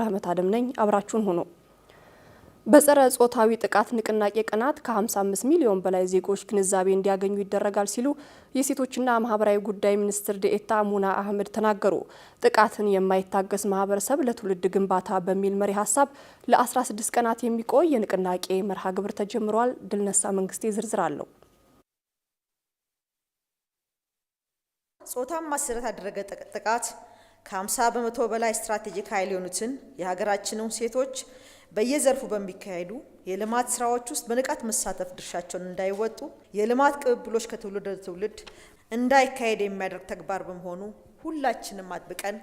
ረህመት አደም ነኝ። አብራችሁን ሁኑ። በጸረ ጾታዊ ጥቃት ንቅናቄ ቀናት ከ55 ሚሊዮን በላይ ዜጎች ግንዛቤ እንዲያገኙ ይደረጋል ሲሉ የሴቶችና ማህበራዊ ጉዳይ ሚኒስትር ዴኤታ ሙና አህመድ ተናገሩ። ጥቃትን የማይታገስ ማህበረሰብ ለትውልድ ግንባታ በሚል መሪ ሀሳብ ለ16 ቀናት የሚቆይ የንቅናቄ መርሃ ግብር ተጀምሯል። ድልነሳ መንግስቴ ዝርዝር አለው። ጾታን መሰረት ያደረገ ጥቃት ከ50 በመቶ በላይ ስትራቴጂክ ኃይል የሆኑትን የሀገራችንን ሴቶች በየዘርፉ በሚካሄዱ የልማት ስራዎች ውስጥ በንቃት መሳተፍ ድርሻቸውን እንዳይወጡ የልማት ቅብብሎች ከትውልድ ትውልድ እንዳይካሄድ የሚያደርግ ተግባር በመሆኑ ሁላችንም አጥብቀን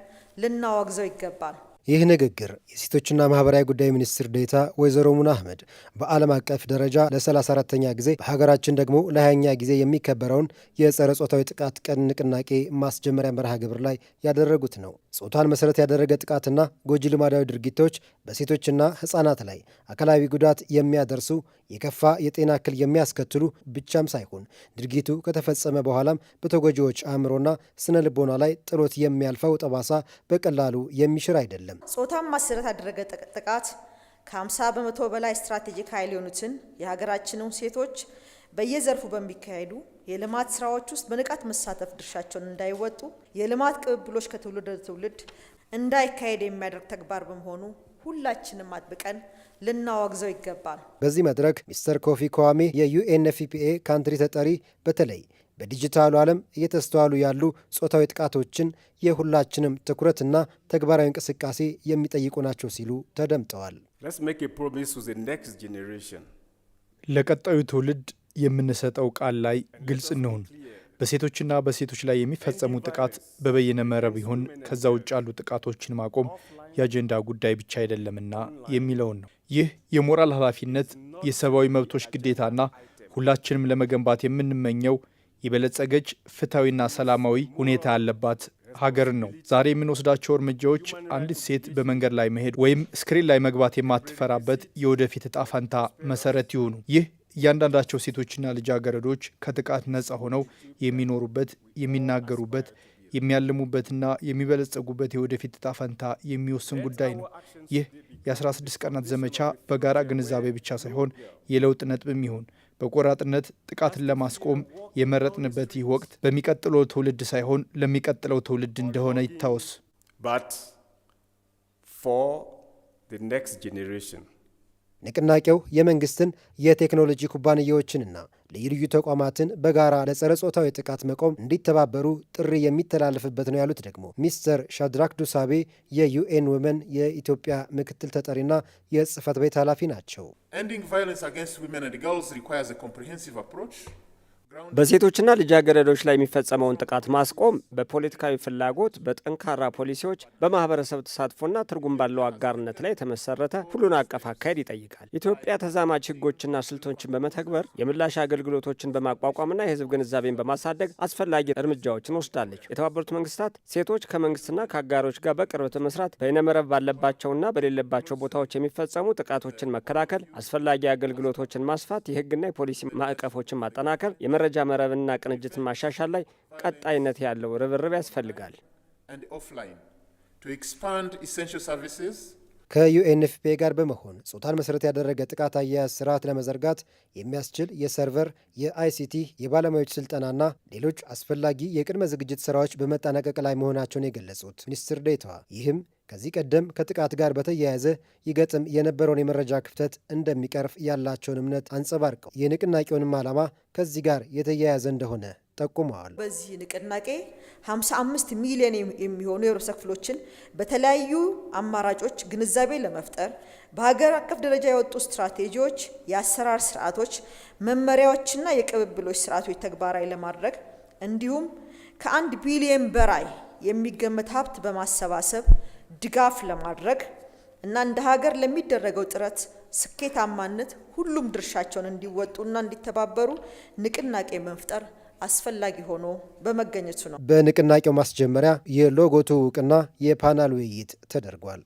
ልናወግዘው ይገባል። ይህ ንግግር የሴቶችና ማህበራዊ ጉዳይ ሚኒስትር ዴታ ወይዘሮ ሙና አህመድ በዓለም አቀፍ ደረጃ ለ34ተኛ ጊዜ በሀገራችን ደግሞ ለ ኛ ጊዜ የሚከበረውን የጸረ ጾታዊ ጥቃት ቀን ንቅናቄ ማስጀመሪያ መርሃ ግብር ላይ ያደረጉት ነው። ጾታን መሰረት ያደረገ ጥቃትና ጎጂ ልማዳዊ ድርጊቶች በሴቶችና ህጻናት ላይ አካላዊ ጉዳት የሚያደርሱ የከፋ የጤና እክል የሚያስከትሉ ብቻም ሳይሆን ድርጊቱ ከተፈጸመ በኋላም በተጎጂዎች አእምሮና ስነ ልቦና ላይ ጥሎት የሚያልፈው ጠባሳ በቀላሉ የሚሽር አይደለም። አይደለም። ጾታን መሰረት ያደረገ ጥቃት ከ50 በመቶ በላይ ስትራቴጂክ ኃይል የሆኑትን የሀገራችንን ሴቶች በየዘርፉ በሚካሄዱ የልማት ስራዎች ውስጥ በንቃት መሳተፍ ድርሻቸውን እንዳይወጡ የልማት ቅብብሎች ከትውልድ ትውልድ እንዳይካሄድ የሚያደርግ ተግባር በመሆኑ ሁላችንም አጥብቀን ልናወግዘው ይገባል። በዚህ መድረክ ሚስተር ኮፊ ኳሜ የዩኤንኤፍፒኤ ካንትሪ ተጠሪ በተለይ በዲጂታሉ ዓለም እየተስተዋሉ ያሉ ጾታዊ ጥቃቶችን የሁላችንም ትኩረትና ተግባራዊ እንቅስቃሴ የሚጠይቁ ናቸው ሲሉ ተደምጠዋል። ለቀጣዩ ትውልድ የምንሰጠው ቃል ላይ ግልጽ እንሁን። በሴቶችና በሴቶች ላይ የሚፈጸሙ ጥቃት በበይነ መረብ ይሁን ከዛ ውጭ ያሉ ጥቃቶችን ማቆም የአጀንዳ ጉዳይ ብቻ አይደለምና የሚለውን ነው። ይህ የሞራል ኃላፊነት፣ የሰብአዊ መብቶች ግዴታና ሁላችንም ለመገንባት የምንመኘው የበለጸገች ፍትሐዊና ሰላማዊ ሁኔታ ያለባት ሀገርን ነው። ዛሬ የምንወስዳቸው እርምጃዎች አንዲት ሴት በመንገድ ላይ መሄድ ወይም ስክሪን ላይ መግባት የማትፈራበት የወደፊት እጣ ፈንታ መሰረት ይሆኑ። ይህ እያንዳንዳቸው ሴቶችና ልጃገረዶች ከጥቃት ነፃ ሆነው የሚኖሩበት፣ የሚናገሩበት፣ የሚያልሙበትና የሚበለጸጉበት የወደፊት እጣ ፈንታ የሚወስን ጉዳይ ነው። ይህ የ16 ቀናት ዘመቻ በጋራ ግንዛቤ ብቻ ሳይሆን የለውጥ ነጥብም ይሁን በቆራጥነት ጥቃትን ለማስቆም የመረጥንበት ይህ ወቅት በሚቀጥለው ትውልድ ሳይሆን ለሚቀጥለው ትውልድ እንደሆነ ይታወስ። ንቅናቄው የመንግስትን የቴክኖሎጂ ኩባንያዎችንና ልዩ ልዩ ተቋማትን በጋራ ለጸረ ጾታዊ ጥቃት መቆም እንዲተባበሩ ጥሪ የሚተላለፍበት ነው ያሉት ደግሞ ሚስተር ሻድራክ ዱሳቤ የዩኤን ወመን የኢትዮጵያ ምክትል ተጠሪና የጽህፈት ቤት ኃላፊ ናቸው። በሴቶችና ልጃገረዶች ላይ የሚፈጸመውን ጥቃት ማስቆም በፖለቲካዊ ፍላጎት፣ በጠንካራ ፖሊሲዎች፣ በማህበረሰብ ተሳትፎና ትርጉም ባለው አጋርነት ላይ የተመሰረተ ሁሉን አቀፍ አካሄድ ይጠይቃል። ኢትዮጵያ ተዛማች ህጎችና ስልቶችን በመተግበር የምላሽ አገልግሎቶችን በማቋቋምና የህዝብ ግንዛቤን በማሳደግ አስፈላጊ እርምጃዎችን ወስዳለች። የተባበሩት መንግስታት ሴቶች ከመንግስትና ከአጋሮች ጋር በቅርብ በመስራት በይነመረብ ባለባቸውና በሌለባቸው ቦታዎች የሚፈጸሙ ጥቃቶችን መከላከል፣ አስፈላጊ አገልግሎቶችን ማስፋት፣ የህግና የፖሊሲ ማዕቀፎችን ማጠናከር የመረጃ መረብና ቅንጅት ማሻሻል ላይ ቀጣይነት ያለው ርብርብ ያስፈልጋል። ከዩኤንኤፍፒ ጋር በመሆን ጾታን መሰረት ያደረገ ጥቃት አያያዝ ስርዓት ለመዘርጋት የሚያስችል የሰርቨር የአይሲቲ የባለሙያዎች ስልጠናና ሌሎች አስፈላጊ የቅድመ ዝግጅት ስራዎች በመጠናቀቅ ላይ መሆናቸውን የገለጹት ሚኒስትር ዴታዋ ይህም ከዚህ ቀደም ከጥቃት ጋር በተያያዘ ይገጥም የነበረውን የመረጃ ክፍተት እንደሚቀርፍ ያላቸውን እምነት አንጸባርቀው የንቅናቄውንም ዓላማ ከዚህ ጋር የተያያዘ እንደሆነ ጠቁመዋል። በዚህ ንቅናቄ 55 ሚሊዮን የሚሆኑ የህብረተሰብ ክፍሎችን በተለያዩ አማራጮች ግንዛቤ ለመፍጠር በሀገር አቀፍ ደረጃ የወጡ ስትራቴጂዎች፣ የአሰራር ስርዓቶች፣ መመሪያዎችና የቅብብሎች ስርዓቶች ተግባራዊ ለማድረግ እንዲሁም ከአንድ ቢሊዮን በላይ የሚገመት ሀብት በማሰባሰብ ድጋፍ ለማድረግ እና እንደ ሀገር ለሚደረገው ጥረት ስኬታማነት ሁሉም ድርሻቸውን እንዲወጡና እንዲተባበሩ ንቅናቄ መፍጠር አስፈላጊ ሆኖ በመገኘቱ ነው። በንቅናቄው ማስጀመሪያ የሎጎቱ እውቅና የፓናል ውይይት ተደርጓል።